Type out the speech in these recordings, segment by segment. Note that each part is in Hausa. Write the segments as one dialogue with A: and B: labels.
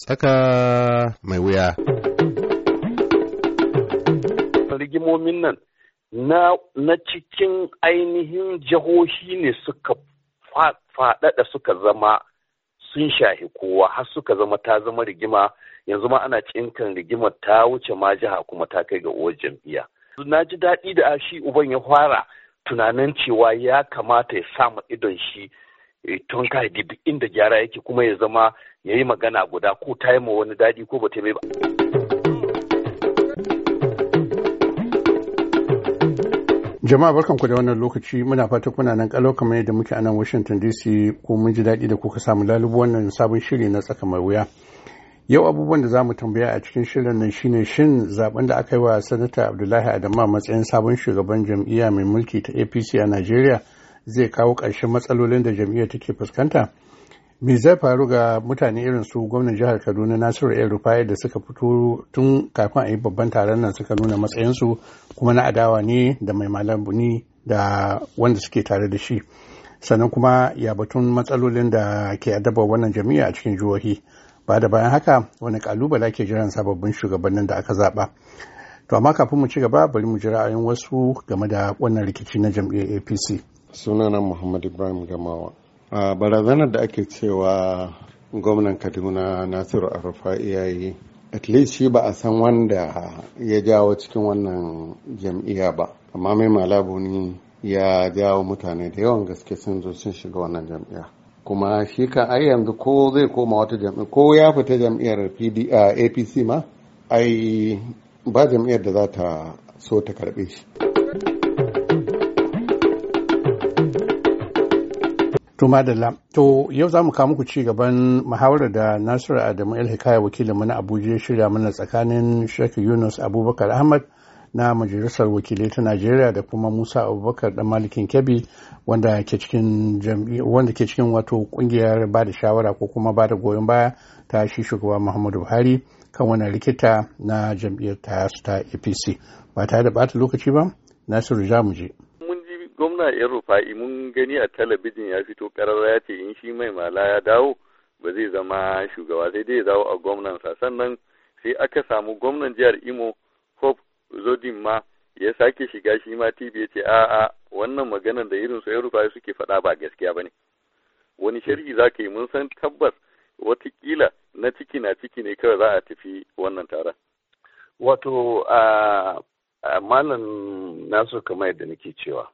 A: Tsaka mai wuya.
B: Rigimomin nan na cikin ainihin jihohi ne suka faɗaɗa suka zama sun shahi kowa har suka zama ta zama rigima yanzu ma ana kan rigimar ta wuce ma jiha kuma ta kai ga uwar jam'iyya. Na ji daɗi da shi uban ya fara tunanin cewa ya kamata ya samu idon shi Eh, tun ka duk inda gyara yake kuma ya zama ya yi magana guda ko ta yi ma wani daɗi ko ba ta yi ba.
A: jama'a barkan ku da wannan lokaci muna fata kuna nan kalau kamar yadda muke a nan washington dc ko mun ji daɗi da kuka samu lalubu wannan sabon shiri na tsaka mai wuya yau abubuwan da za mu tambaya a cikin shirin nan shine shin zaben da aka yi wa sanata abdullahi adama matsayin sabon shugaban jam'iyya mai mulki ta apc a najeriya zai kawo ƙarshen matsalolin da jam'iyyar take fuskanta me zai faru ga mutane irin su gwamnan jihar kaduna nasiru el rufai da suka fito tun kafin a yi babban taron nan suka nuna matsayinsu kuma na adawa ne da mai malam da wanda suke tare da shi sannan kuma ya batun matsalolin da ke adaba wannan jami'a a cikin jihohi ba da bayan haka wani kalubala ke jiran sababbin shugabannin da aka zaba to amma kafin mu ci gaba bari mu ji ra'ayin wasu game da wannan rikici na jam'iyyar apc sunana muhammad ibrahim gamawa a barazanar da ake cewa gwamnan kaduna nasiru arufa iyayi at least shi ba a san wanda ya jawo cikin wannan jam'iyya ba amma mai malabu ne ya jawo mutane da yawan gaske sun zo sun shiga wannan jam'iyya kuma shi kan ai yanzu ko zai koma wata jam'iyya ko ya fita jam'iyyar apc ma ai ba jam'iyyar da za ta so ta karbe shi To madalla, to yau za mu kawo muku ci gaban muhawarar da Nasiru Adamu El Hikaya wakilin mu na Abuja ya shirya mana tsakanin Sheikh Yunus Abubakar Ahmad na Majalisar Wakilai ta Najeriya da kuma Musa Abubakar da Malikin Kebbi wanda ke cikin wanda ke cikin wato kungiyar ba da shawara ko kuma ba da goyon baya ta shi shugaba Muhammadu Buhari kan wani rikita na jam'iyyar ta APC. Ba tare da bata lokaci ba, Nasiru za mu je.
C: gwamna yan rufa'i mun gani a talabijin ya fito karara ya ce in shi mai mala ya dawo ba zai zama shugaba sai dai ya dawo a gwamnan sa sannan sai aka samu gwamnan jihar imo hope zodin ma ya sake shiga shi ma tv ya ce a'a wannan maganar da irin su yan suke faɗa ba gaskiya ba ne wani sharhi za ka yi mun san tabbas watakila na ciki na ciki ne kawai za a tafi wannan taron wato a
B: malam nasu kamar yadda nake cewa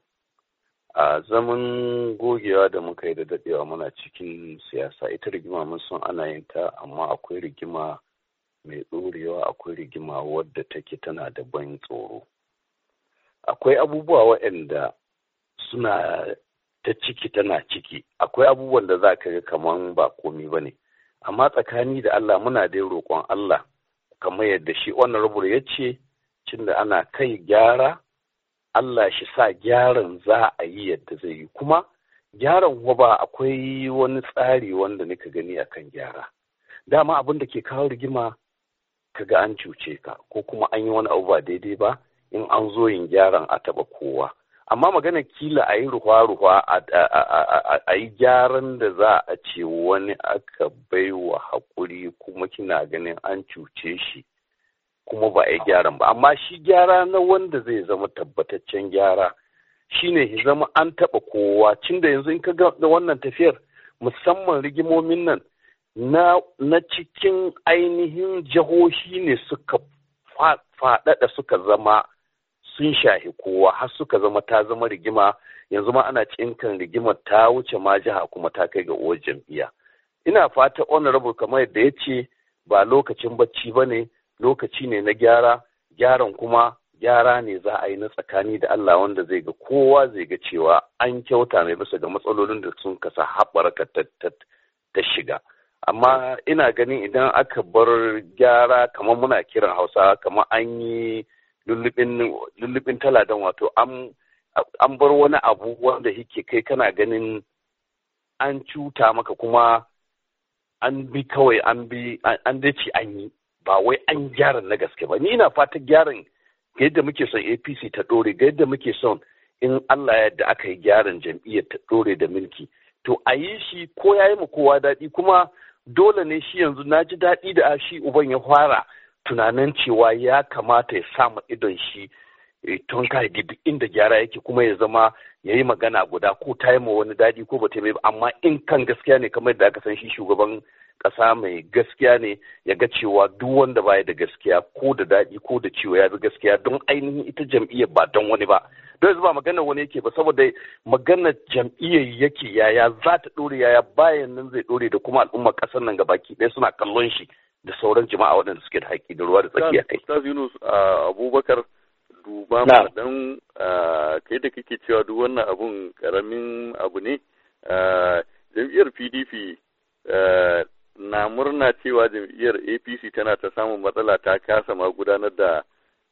B: a zaman gogewa da muka yi da dadewa muna cikin siyasa ita rigima mun san ana yin ta amma akwai rigima mai ɗorewa akwai rigima wadda take tana da ban tsoro akwai abubuwa waɗanda suna ta ciki tana ciki akwai abubuwan da za ka ga kaman ba komi ba ne amma tsakani da Allah muna dai roƙon Allah kamar yadda shi wannan rubur ya ce cin da ana kai gyara Allah shi sa gyaran za a yi yadda zai yi kuma gyaran ba akwai wani tsari wanda nika gani akan gyara dama abin da ke kawo rigima kaga an cuce ka ko kuma an yi wani abu ba daidai ba in an zo yin gyaran a taba kowa amma magana kila a yi ruwa-ruwa a yi gyaran da za a ce wani aka baiwa haƙuri kuma kina ganin an cuce shi kuma ba a yi gyaran ba amma shi gyara na wanda zai zama tabbataccen gyara shine ya zama an taɓa kowa cinda yanzu in ka ga wannan tafiyar musamman rigimomin nan na cikin ainihin jihohi ne suka faɗaɗa suka zama sun shahi kowa har suka zama ta zama rigima yanzu ma ana kan rigimar ta wuce ma jiha kuma ta kai ga uwar jam'iyya ina fata honorable kamar yadda ya ce ba lokacin bacci ba ne lokaci ne na gyara gyaran kuma gyara ne za a yi na tsakani da Allah wanda zai ga kowa zai ga cewa an kyauta mai bisa ga matsalolin da sun kasa haɓarka ta shiga amma ina ganin idan aka bar gyara kamar muna kiran hausa kamar an yi lullubin taladan wato an bar wani abu wanda yake kai kana ganin an cuta maka kuma an bi kawai an bi an dace an yi ba wai an gyara na gaske ba ni ina fatan gyaran yadda muke son apc ta dore ga yadda muke son in allah yadda aka yi gyaran jam'iyyar ta dore da mulki to a yi shi ko ya yi ma kowa daɗi kuma dole ne shi yanzu na ji daɗi da shi uban ya fara tunanin cewa ya kamata ya samu idon shi eh, tun ka inda gyara yake kuma ya zama ya yi magana guda ko ta yi ma wani daɗi ko ba ta yi amma in kan gaskiya ne kamar da aka san shi shugaban ƙasa mai gaskiya ne ya ga cewa duk wanda baya da gaskiya ko da daɗi ko da ciwo ya bi gaskiya don ainihin ita jam'iyyar ba don wani ba don yanzu ba maganar wani yake ba saboda maganar jam'iyyar yake yaya za ta ɗore yaya bayan nan zai ɗore da kuma al'ummar ƙasar nan gabaki ɗaya suna kallon shi
C: da sauran jama'a waɗanda suke da haƙƙi da ruwa da tsakiya kai. Ustaz Yunus Abubakar duba ma dan kai da kake cewa duk wannan abun karamin abu ne jam'iyyar PDP na murna cewa jam'iyyar apc tana ta samun matsala ta kasa ma gudanar da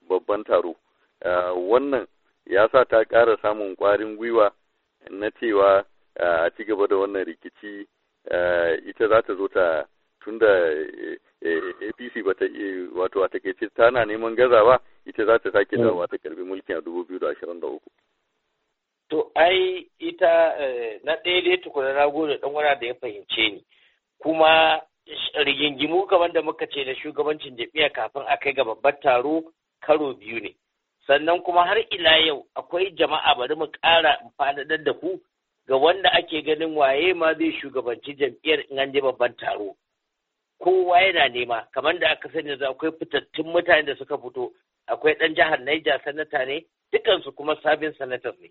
C: babban taro wannan ya sa ta kara samun kwarin gwiwa na cewa a ci gaba da wannan rikici ita za ta zo ta tun da apc ba ta iya wato a takaice tana neman gaza ba ita za ta sake dawowa ta karbi mulkin a dubu da ashirin
D: to ai ita eh, na ɗaya dai tukuna na gode ɗan wana da ya fahimce ni kuma rigingimu kamar da muka ce na shugabancin jami'a kafin a kai ga babban taro karo biyu ne sannan kuma har ila yau akwai jama'a bari mu ƙara faɗaɗar da ku ga wanda ake ganin waye ma zai shugabanci jam'iyyar in an je babban taro kowa yana nema kamar da aka sani yanzu akwai fitattun mutane da suka fito akwai ɗan jihar Niger sanata ne dukansu kuma sabin sanatar ne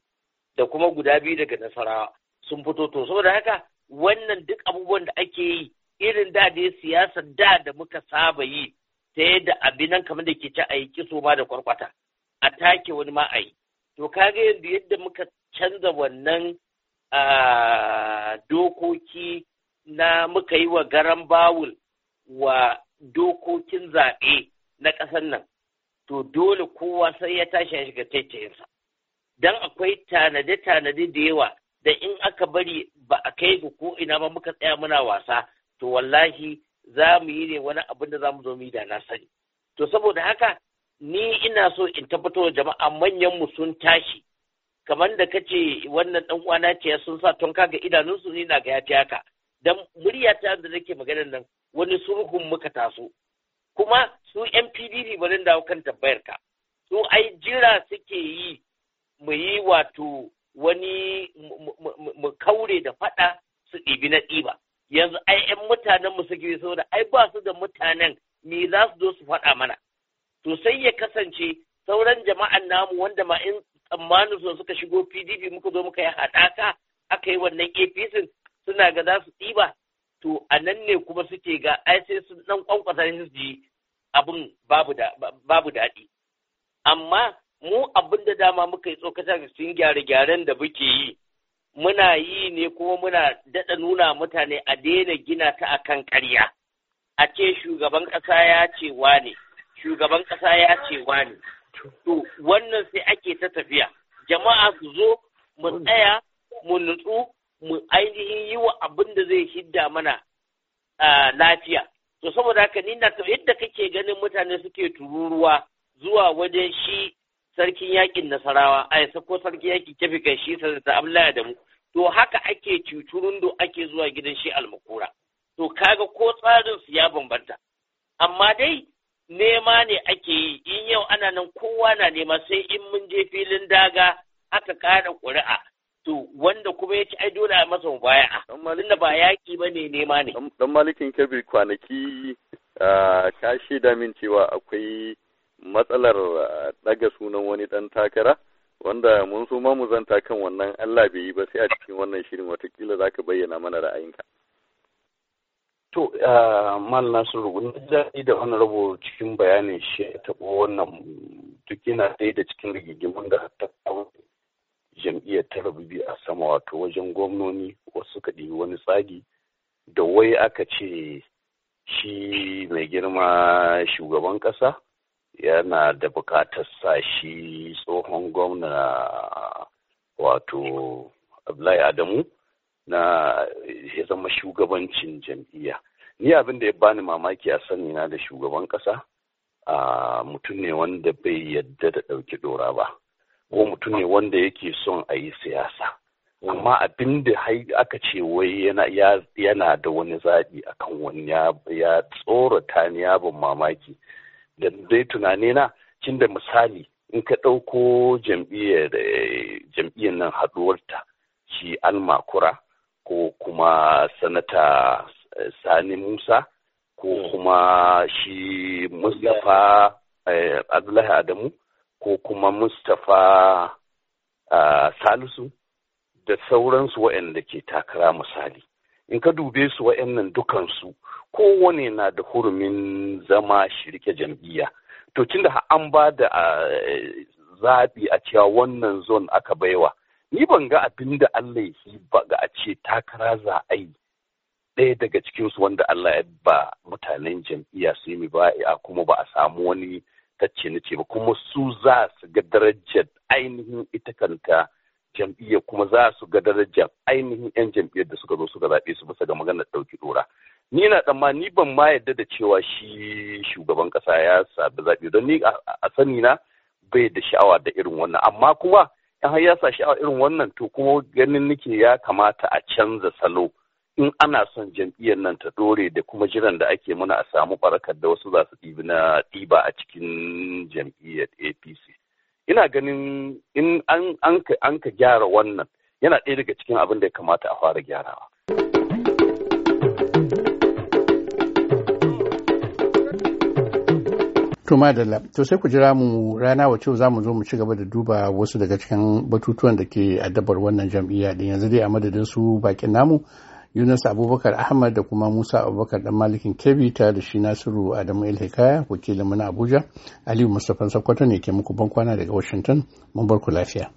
D: da kuma guda biyu daga Nasarawa sun fito to saboda haka wannan duk abubuwan da ake yi irin da da siyasa da da muka saba yi ta yadda abin nan kamar da ke ci a yi kiso ma da kwarkwata a take wani ma a yi to kaga yadda yadda muka canza wannan dokoki na muka yi wa garan bawul wa dokokin zaɓe na ƙasar nan to dole kowa sai ya tashi ya shiga tattayinsa don akwai tanade-tanade da yawa da in aka bari ba a kai ga ko ina ba muka tsaya muna wasa to wallahi za mu yi ne wani abin da za mu zo mu yi da na sani to saboda haka ni ina so in tabbatar jama'a manyan mu sun tashi kamar da kace wannan dan uwana ce sun sa tonka ga idanunsu ni na ga ya haka dan murya ta da nake maganar nan wani sulhun muka taso kuma su yan bari ba dawo kan tabbayar ka su ai jira suke yi mu yi wato wani mu kaure da faɗa su ɗibi na ɗiba yanzu ai 'yan mutanen mu suke saboda ai ba su da mutanen me za su zo su faɗa mana to sai ya kasance sauran jama'an namu wanda ma in tsammanin su suka shigo PDP muka zo muka yi haɗaka aka yi wannan APC suna ga za su ɗiba to a nan ne kuma suke ga ai sai su ɗan kwankwasa su ji abin babu daɗi amma mu abin da dama muka yi tsokata ga sun gyare-gyaren da muke yi muna yi ne kuma muna daɗa nuna mutane a daina gina ta a kan ƙarya a ce shugaban ƙasa ya ce ne, shugaban ƙasa ya ce ne. to wannan sai ake ta tafiya jama'a su zo mu tsaya mu nutsu mu ainihin yi wa abin da zai hidda mana lafiya to saboda haka ni na yadda kake ganin mutane suke tururuwa zuwa wajen shi sarkin yakin nasarawa a ya sako sarkin yakin kefi kai shi sa da amlaya da mu to haka ake do ake zuwa gidan shi almakura to kaga ko tsarin su ya bambanta amma dai nema ne ake yi in yau ana nan kowa na nema sai in mun je filin daga aka kada ƙuri'a to wanda kuma ya ci ai dole a masa baya tun da ba yaƙi ba ne nema ne dan
C: malikin kabir kwanaki ka ah, kashi cewa akwai matsalar uh, ɗaga sunan wani ɗan takara wanda mun so mu zanta kan wannan Allah bai yi ba sai a cikin wannan shirin watakila za ka bayyana mana ra'ayinka.
B: To, uh, Mal Nasiru, na daɗi da wani rabo cikin bayanin shi ya taɓo wannan duk yana ɗaya da cikin rigigimin da ta kawo jam'iyyar ta rabu a sama wato wajen gwamnoni wasu kaɗi, wani tsagi da wai aka ce shi mai girma shugaban ƙasa yana da bukatar sa shi tsohon gwamna wato Abdullahi Adamu na ya zama shugabancin jam'iyya. Ni abin da ya bani mamaki a sani na da shugaban ƙasa a mutum ne wanda bai yadda da ɗauki ɗora ba, ko mutum ne wanda yake son a yi siyasa. Amma abin da aka ce wai yana da wani zaɓi akan wani ya tsorata ni ya mamaki. da dai tunani na cin da misali in ka ɗauko jam'iyyar nan haɗuwarta shi almakura ko kuma sanata eh, sani musa ko hmm. kuma shi mustapha eh, abdullahi adamu ko kuma mustapha ah, salisu da sauransu waɗanda ke takara misali in ka dube su wa'annan dukansu kowane na da hurumin zama shirke jam'iyya to da an ba da zaɓi a cewa wannan zon aka baiwa ni ban ga abin da Allah yi ba ga a ce takara za a yi ɗaya daga cikinsu wanda Allah ya ba mutanen jam'iyya su yi ba a kuma ba a samu wani tacce na ce ba kuma su za su ga darajar ainihin ita kanta jam'iyyar kuma za su ga darajar ainihin 'yan jam'iyyar da suka zo suka zaɓe su bisa ga maganar ɗauki ɗora. Ni na tsammani ni ban ma yarda da cewa shi shugaban ƙasa ya sabi zaɓe don ni a sani na bai da sha'awa da irin wannan amma kuma in har ya sa sha'awa irin wannan to kuma ganin nake ya kamata a canza salo in ana son jam'iyyar nan ta ɗore da kuma jiran da ake muna a samu barakar da wasu za su ɗiba a cikin jam'iyyar APC. ina ganin in an ka gyara wannan yana ɗaya daga cikin abin da ya kamata a fara gyarawa.
A: To madalla, to sai ku jira mu rana wacce za mu zo mu ci gaba da duba wasu daga cikin batutuwan da ke addabar wannan jam'iyya din yanzu dai a madadin su bakin namu Yunus Abubakar Ahmad da kuma Musa Abubakar dan Malikin kebi ta da shi Nasiru Adamu Ilhikaya wakilin mana Abuja Aliyu Mustapha Sokoto ne ke muku bankwana daga Washington mun bar ku lafiya.